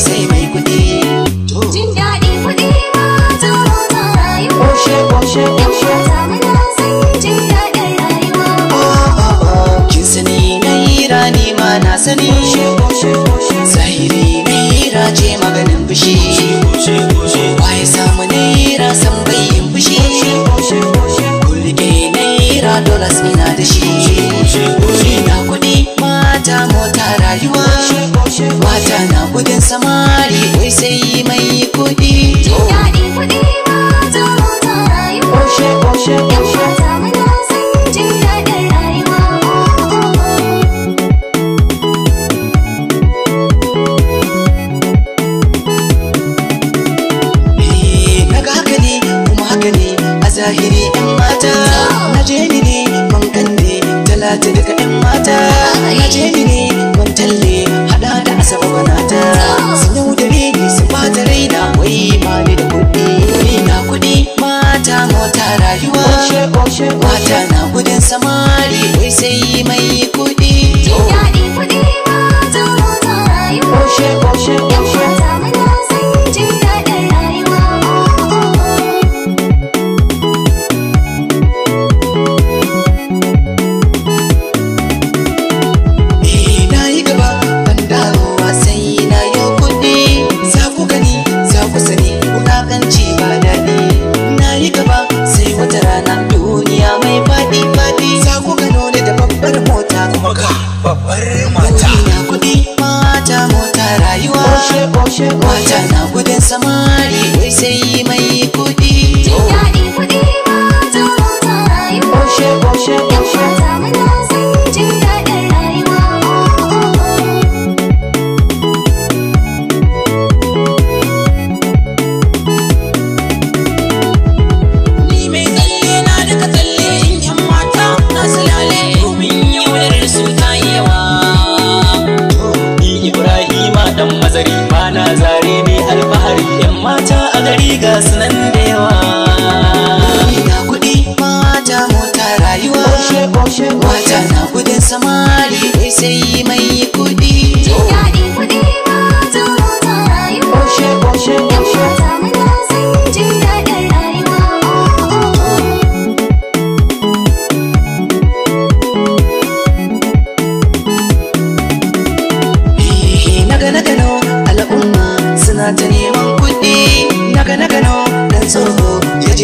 sai mai kuɗi. Jin daɗi kuɗi ba ta rota rayuwa. Ƙoshe ƙoshe ƙoshe. Yan rayuwa. Oh oh oh na ma na sani. maganin fushi. Ƙoshe ƙoshe samu bayyin fushi. Ƙoshe ƙoshe ƙoshe. na da shi. ta duka yan mata na jemi ne ban talle hada da asabar asaba ta su yau da ni sun bata raina wai ba ni da kuɗi na kuɗi mata mota rayuwa mata na gudun samari wai sai mai kuɗi Jin daɗi kuɗi mata shebo na kudin samari wai mai kudi jin bana zare mai alfahari yan mata a gari ga sunan da yawa ga kuɗi mata mota rayuwa mata na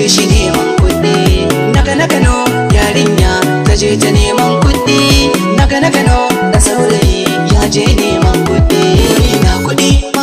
je shi neman kuɗi naga na gano yarinya ta je ta neman kuɗi naga na gano da saurayi ya je neman kuɗi na kuɗi